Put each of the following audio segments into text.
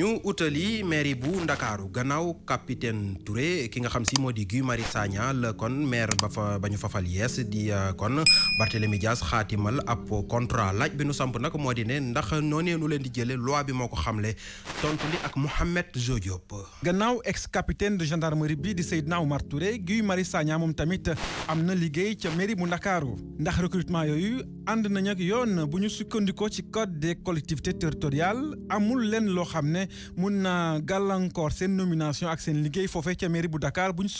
ñu outali maire bu ndakaaru gannaaw capitaine touré ki nga xam si modi guy mari sagna la kon maire ba fa bañu fafal yes di euh, kon barthélemy dias khatimal ap contrat laaj bi nu samp nak modi ne ndax noné nu len di jëlé loi bi moko xamlé tontu li ak mohammed jodiop gannaaw ex capitaine de gendarmerie bi di seydna oumar touré guy mari sagna moom tamit amna liggéey ci maire bu ndakaaru ndax recrutement yoyu and nañ ak yoon bu ñu ci code des collectivités territoriales amul len lo xamné mun na gàllankoor seen nomination ak sen liguey fofé ci mairie bu Dakar bu ñu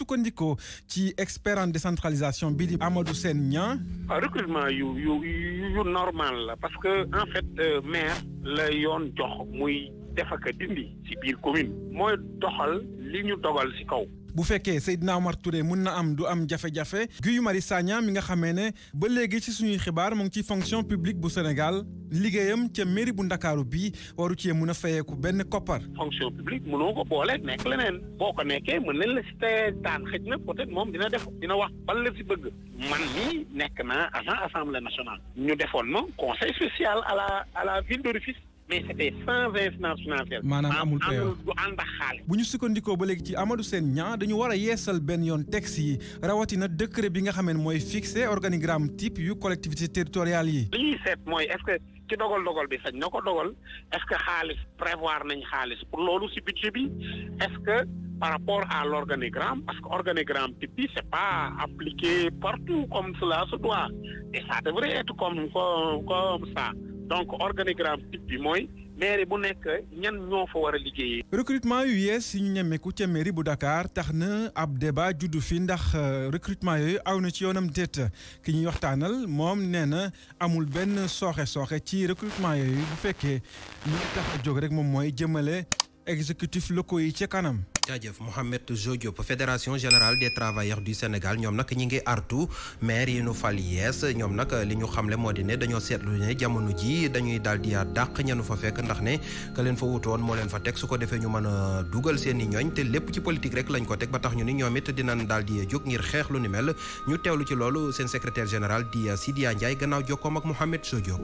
ci expert en décentralisation bi di Amadou Sène Niang. Ah, recrutement yu yu yu normal la parce que en fait euh, maire la yoon jox muy def ak dindi ci biir commune. moy doxal li ñu dogal ci kaw bu fekkee Seydina Omar Touré mën na am du am jafé jafé Guy mari Sagna mi nga xamé né ba légui ci suñu xibaar mo ngi ci fonction publique bu Sénégal liggéeyam ci mairie bu Ndakaaru bi waru ci mëna a fayeeku benn koppar. fonction publique mëno ko bolé nek leneen boko ko nekkee mën nañ la ci taan xëj na peut-être mom dina def dina wax ban la si bëgg man mii nek na agent assemblée nationale ñu defoon ma conseil spécial à la à la ville de mais c'était cent vingt finances financières. maanaam amul payeur du ànd ak xaalis. bu ñu sukkandikoo ba léegi ci Amadou Sène Niang dañu war a yeesal benn yoon texte yi rawatina décret bi nga fixé organigramme type yu collectivité territoriale yi. li ñuy seet est-ce que ci dogal-dogal bi sañ na ko est-ce que xaalis prévoir nañ xaalis pour loolu ci budget bi est-ce que. par rapport à l'organigramme, parce que l'organigramme type, c'est pas appliqué partout comme cela se doit. Et ça devrait être comme, comme, comme ça. donc organigramme type bi mooy mairie bu nekk ñan ñoo fa war a liggéeyee. recrutement yu yees yi ñu ñemeku ca mairie bu Dakar tax na ab débat juddu fi ndax euh, recrutement yooyu aw na ci yoonam déet ki ñuy waxtaanal moom nee na amul benn sooxe sooxe ci recrutement yooyu bu fekkee li tax a jóg rek moom mooy jëmmale jëmale exécutif locaux yi ca kanam. jaajëf Mouhamed Jodiop fédération générale des travailleurs du Sénégal ñoom nag ñi ngi artu maire yi nu fal yees ñoom nag li ñu xamle moo di ne dañoo seetlu ne jamono ji dañuy daal di dàq ñanu fa fekk ndax ne ka leen fa wutoon moo leen fa teg su ko defee ñu mën a dugal seen i ñooñ te lépp ci politique rek lañ ko teg ba tax ñu ni ñoom it dinañ daal di jóg ngir xeex lu ni mel ñu teewlu ci loolu seen secrétaire général di Sidia Ndiaye gannaaw jokkoom ak Mouhamed Jodiop.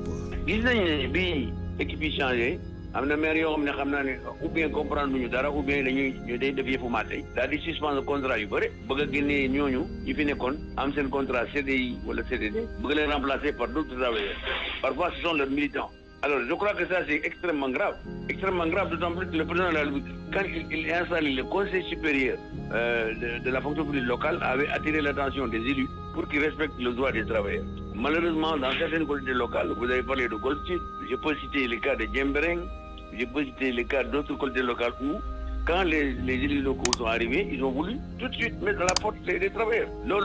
gis nañu ne am na maire yoo xam ne xam naa ne ou bien comprendre lu dara ou bien dañuy ñu day def yëfu maatay daal di suspendre contrat yu bëri bëgg a génnee ñooñu ñi fi nekkoon am seen contrat CDI wala CDD bëgg leen remplacer par d'autres travailleurs parfois ce sont leurs militants alors je crois que ça c'est extrêmement grave extrêmement grave d'autant plus que le président de la République quand il, il installé le conseil supérieur euh, de, la fonction publique locale avait attiré l'attention des élus pour qu'ils respectent le droit des travailleurs malheureusement dans certaines collectivités locales vous avez parlé de Goltier je peux citer le cas de Djembereng. J'ai posé les cas d'autres côtés locales où, quand les, élus locaux sont arrivés, ils ont voulu tout de suite mettre à la porte les, les travailleurs. non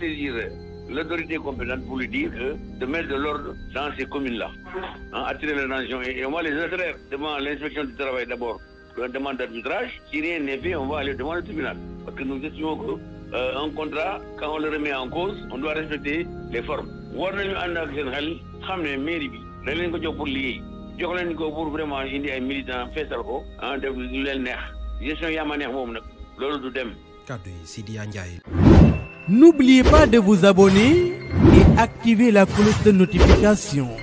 saisir euh, l'autorité compétente pour lui dire euh, de mettre de l'ordre dans ces communes-là, hein, attirer l'attention et, et on va les attirer devant l'inspection du travail d'abord pour demande d'arbitrage. Si rien n'est fait, on va aller devant le tribunal. Parce que nous estimons qu'un euh, contrat, quand on le remet en cause, on doit respecter les formes xam ne mairie bi dañ leen ko jox pour liggéey jox leen ko pour vraiment indi ay militants feesal ko ah def lu leen neex gestion yaa ma neex moom nag loolu du dem. kàddu yi Sidiya Ndiaye. N'oubliez pas de vous abonner et activer la cloche de notification.